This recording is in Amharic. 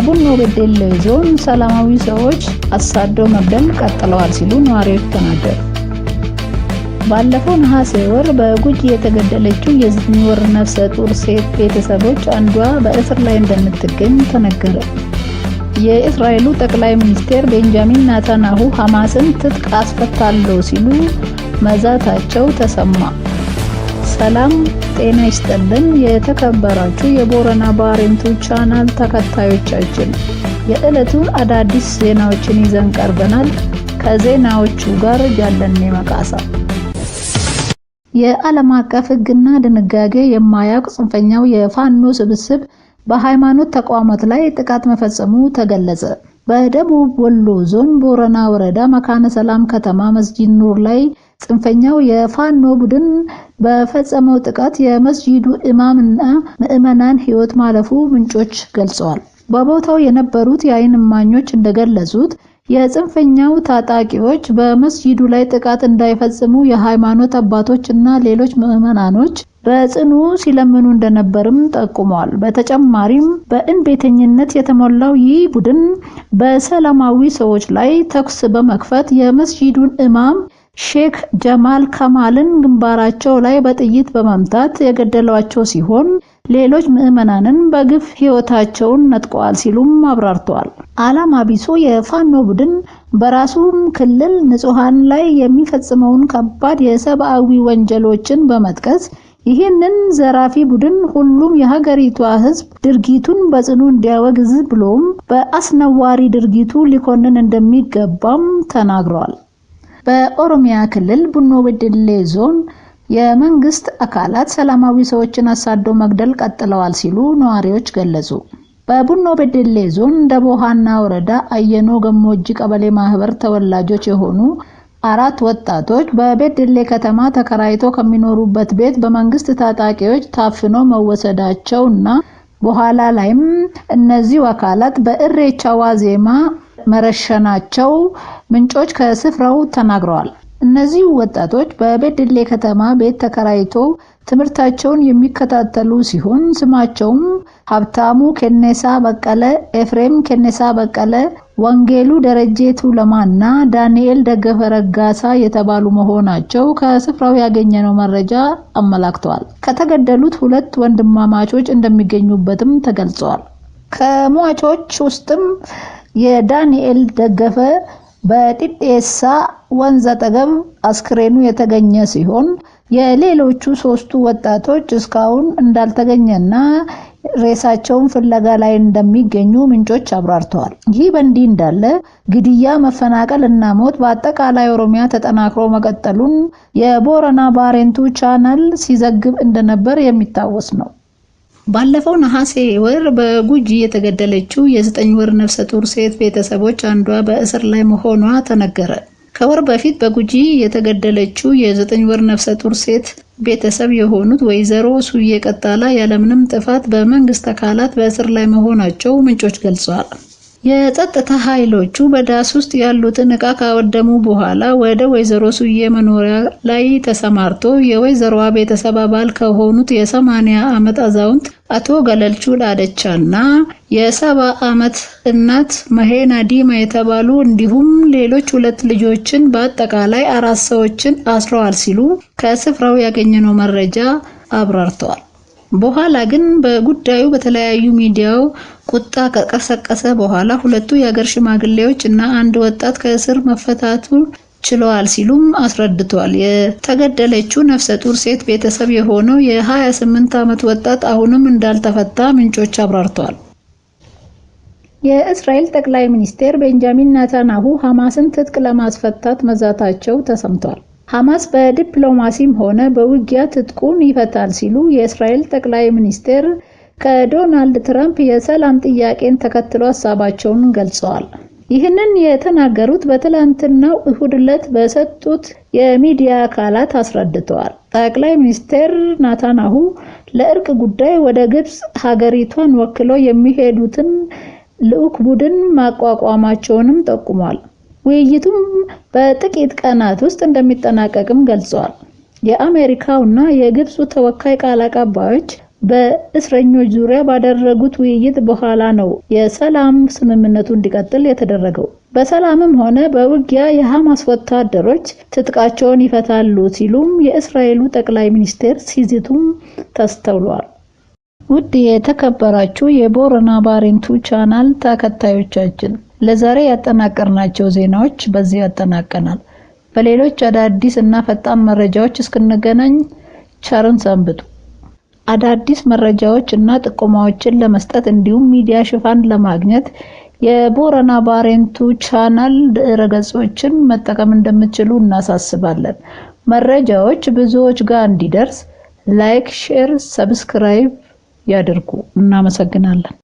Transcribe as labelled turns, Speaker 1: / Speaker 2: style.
Speaker 1: በቡኖ በደሌ ዞን ሰላማዊ ሰዎች አሳደው መግደል ቀጥለዋል ሲሉ ነዋሪዎች ተናገሩ። ባለፈው ነሐሴ ወር በጉጂ የተገደለችው የዘጠኝ ወር ነፍሰ ጡር ሴት ቤተሰቦች አንዷ በእስር ላይ እንደምትገኝ ተነገረ። የእስራኤሉ ጠቅላይ ሚኒስቴር ቤንጃሚን ናታናሁ ሐማስን ትጥቅ አስፈታለሁ ሲሉ መዛታቸው ተሰማ። ሰላም ጤና ይስጥልን። የተከበራችሁ የቦረና ባሬንቱ ቻናል ተከታዮቻችን የዕለቱን አዳዲስ ዜናዎችን ይዘን ቀርበናል። ከዜናዎቹ ጋር ያለን መቃሳ የዓለም አቀፍ ሕግና ድንጋጌ የማያውቅ ጽንፈኛው የፋኖ ስብስብ በሃይማኖት ተቋማት ላይ ጥቃት መፈጸሙ ተገለጸ። በደቡብ ወሎ ዞን ቦረና ወረዳ መካነ ሰላም ከተማ መስጂድ ኑር ላይ ጽንፈኛው የፋኖ ቡድን በፈጸመው ጥቃት የመስጂዱ ኢማም እና ምዕመናን ሕይወት ማለፉ ምንጮች ገልጸዋል። በቦታው የነበሩት የዓይን እማኞች እንደገለጹት የጽንፈኛው ታጣቂዎች በመስጂዱ ላይ ጥቃት እንዳይፈጽሙ የሃይማኖት አባቶች እና ሌሎች ምዕመናኖች በጽኑ ሲለምኑ እንደነበርም ጠቁመዋል። በተጨማሪም በእንቤተኝነት የተሞላው ይህ ቡድን በሰላማዊ ሰዎች ላይ ተኩስ በመክፈት የመስጂዱን ኢማም ሼክ ጀማል ከማልን ግንባራቸው ላይ በጥይት በመምታት የገደሏቸው ሲሆን ሌሎች ምዕመናንን በግፍ ሕይወታቸውን ነጥቀዋል ሲሉም አብራርተዋል። ዓላማ ቢሱ የፋኖ ቡድን በራሱም ክልል ንጹሐን ላይ የሚፈጽመውን ከባድ የሰብአዊ ወንጀሎችን በመጥቀስ ይህንን ዘራፊ ቡድን ሁሉም የሀገሪቷ ሕዝብ ድርጊቱን በጽኑ እንዲያወግዝ ብሎም በአስነዋሪ ድርጊቱ ሊኮንን እንደሚገባም ተናግረዋል። በኦሮሚያ ክልል ቡኖ በደሌ ዞን የመንግስት አካላት ሰላማዊ ሰዎችን አሳዶ መግደል ቀጥለዋል ሲሉ ነዋሪዎች ገለጹ። በቡኖ በደሌ ዞን ደቦሃና ወረዳ አየኖ ገሞጂ ቀበሌ ማህበር ተወላጆች የሆኑ አራት ወጣቶች በበደሌ ከተማ ተከራይቶ ከሚኖሩበት ቤት በመንግስት ታጣቂዎች ታፍኖ እና በኋላ ላይም እነዚሁ አካላት በኢሬቻ ዋዜማ መረሸናቸው ምንጮች ከስፍራው ተናግረዋል። እነዚህ ወጣቶች በቤድሌ ከተማ ቤት ተከራይቶ ትምህርታቸውን የሚከታተሉ ሲሆን ስማቸውም ሀብታሙ ኬኔሳ በቀለ፣ ኤፍሬም ኬኔሳ በቀለ፣ ወንጌሉ ደረጀ እና ዳንኤል ደገፈ ረጋሳ የተባሉ መሆናቸው ከስፍራው ያገኘነው መረጃ አመላክተዋል። ከተገደሉት ሁለት ወንድማማቾች እንደሚገኙበትም ተገልጸዋል። ከሟቾች ውስጥም የዳንኤል ደገፈ በጢጤሳ ወንዝ አጠገብ አስክሬኑ የተገኘ ሲሆን የሌሎቹ ሶስቱ ወጣቶች እስካሁን እንዳልተገኘና ሬሳቸውን ፍለጋ ላይ እንደሚገኙ ምንጮች አብራርተዋል። ይህ በእንዲህ እንዳለ ግድያ፣ መፈናቀል እና ሞት በአጠቃላይ ኦሮሚያ ተጠናክሮ መቀጠሉን የቦረና ባሬንቱ ቻናል ሲዘግብ እንደነበር የሚታወስ ነው። ባለፈው ነሐሴ ወር በጉጂ የተገደለችው የዘጠኝ ወር ነፍሰ ጡር ሴት ቤተሰቦች አንዷ በእስር ላይ መሆኗ ተነገረ። ከወር በፊት በጉጂ የተገደለችው የዘጠኝ ወር ነፍሰ ጡር ሴት ቤተሰብ የሆኑት ወይዘሮ ሱዬ ቀጣላ ያለምንም ጥፋት በመንግስት አካላት በእስር ላይ መሆናቸው ምንጮች ገልጸዋል። የጸጥታ ኃይሎቹ በዳስ ውስጥ ያሉትን ዕቃ ካወደሙ በኋላ ወደ ወይዘሮ ሱዬ መኖሪያ ላይ ተሰማርቶ የወይዘሮዋ ቤተሰብ አባል ከሆኑት የሰማንያ ዓመት አዛውንት አቶ ገለልቹ ላደቻ እና የሰባ ዓመት እናት መሄና ዲማ የተባሉ እንዲሁም ሌሎች ሁለት ልጆችን በአጠቃላይ አራት ሰዎችን አስረዋል ሲሉ ከስፍራው ያገኘነው መረጃ አብራርተዋል። በኋላ ግን በጉዳዩ በተለያዩ ሚዲያው ቁጣ ከቀሰቀሰ በኋላ ሁለቱ የሀገር ሽማግሌዎች እና አንድ ወጣት ከእስር መፈታቱ ችለዋል ሲሉም አስረድቷል። የተገደለችው ነፍሰ ጡር ሴት ቤተሰብ የሆነው የ28 ዓመት ወጣት አሁንም እንዳልተፈታ ምንጮች አብራርተዋል። የእስራኤል ጠቅላይ ሚኒስቴር ቤንጃሚን ናታናሁ ሐማስን ትጥቅ ለማስፈታት መዛታቸው ተሰምቷል። ሐማስ በዲፕሎማሲም ሆነ በውጊያ ትጥቁን ይፈታል ሲሉ የእስራኤል ጠቅላይ ሚኒስትር ከዶናልድ ትራምፕ የሰላም ጥያቄን ተከትሎ ሀሳባቸውን ገልጸዋል። ይህንን የተናገሩት በትላንትናው እሁድ ዕለት በሰጡት የሚዲያ አካላት አስረድተዋል። ጠቅላይ ሚኒስትር ናታናሁ ለእርቅ ጉዳይ ወደ ግብፅ ሀገሪቷን ወክለው የሚሄዱትን ልዑክ ቡድን ማቋቋማቸውንም ጠቁሟል። ውይይቱም በጥቂት ቀናት ውስጥ እንደሚጠናቀቅም ገልጸዋል። የአሜሪካው እና የግብፁ ተወካይ ቃል አቀባዮች በእስረኞች ዙሪያ ባደረጉት ውይይት በኋላ ነው የሰላም ስምምነቱ እንዲቀጥል የተደረገው። በሰላምም ሆነ በውጊያ የሐማስ ወታደሮች ትጥቃቸውን ይፈታሉ ሲሉም የእስራኤሉ ጠቅላይ ሚኒስቴር ሲዝቱም ተስተውሏል። ውድ የተከበራችሁ የቦረና ባሬንቱ ቻናል ተከታዮቻችን ለዛሬ ያጠናቀርናቸው ዜናዎች በዚህ ያጠናቀናል። በሌሎች አዳዲስ እና ፈጣን መረጃዎች እስክንገናኝ ቸርን ሰንብቱ። አዳዲስ መረጃዎች እና ጥቆማዎችን ለመስጠት እንዲሁም ሚዲያ ሽፋን ለማግኘት የቦረና ባሬንቱ ቻናል ድረገጾችን መጠቀም እንደምትችሉ እናሳስባለን። መረጃዎች ብዙዎች ጋር እንዲደርስ ላይክ፣ ሼር፣ ሰብስክራይብ ያድርጉ። እናመሰግናለን።